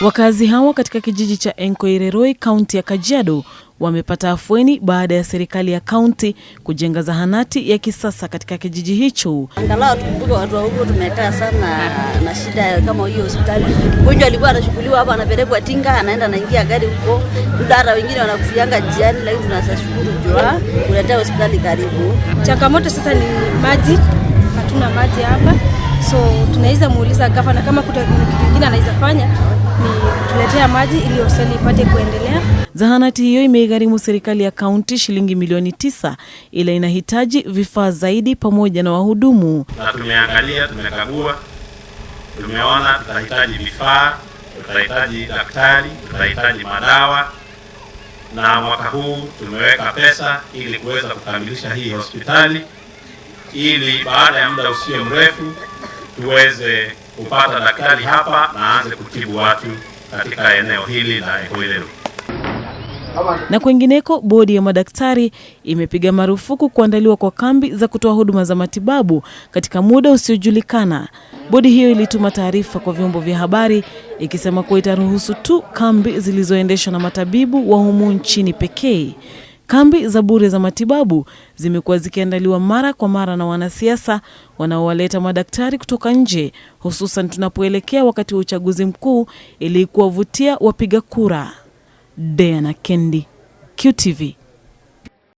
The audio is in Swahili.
Wakazi hawa katika kijiji cha Enkoireroi kaunti ya Kajiado wamepata afueni baada ya serikali ya kaunti kujenga zahanati ya kisasa katika kijiji hicho. Angalau tukumbuke watu wa huko tumekaa sana na shida kama hiyo hospitali. Mgonjwa alikuwa anashughuliwa hapa anapelekwa tinga anaenda anaingia gari huko. Dudara, hata wengine wanakufianga njiani lakini tunasashukuru jua kuletea hospitali karibu. Changamoto sasa ni maji hatuna maji hapa, so tunaweza muuliza gavana kama kuna kitu kingine anaweza fanya ni tuletea maji ili hosteli ipate kuendelea. Zahanati hiyo imeigharimu serikali ya kaunti shilingi milioni tisa, ila inahitaji vifaa zaidi pamoja na wahudumu. Na tumeangalia, tumekagua, tumeona tutahitaji vifaa, tutahitaji daktari, tutahitaji madawa na mwaka huu tumeweka pesa ili kuweza kukamilisha hii hospitali ili baada ya muda usio mrefu tuweze kupata daktari hapa na aanze kutibu watu katika eneo hili la Ihuliro. Na kwingineko, bodi ya madaktari imepiga marufuku kuandaliwa kwa kambi za kutoa huduma za matibabu katika muda usiojulikana. Bodi hiyo ilituma taarifa kwa vyombo vya habari ikisema kuwa itaruhusu tu kambi zilizoendeshwa na matabibu wa humu nchini pekee. Kambi za bure za matibabu zimekuwa zikiandaliwa mara kwa mara na wanasiasa wanaowaleta madaktari kutoka nje, hususan tunapoelekea wakati wa uchaguzi mkuu ili kuwavutia wapiga kura. Deana Kendi, QTV.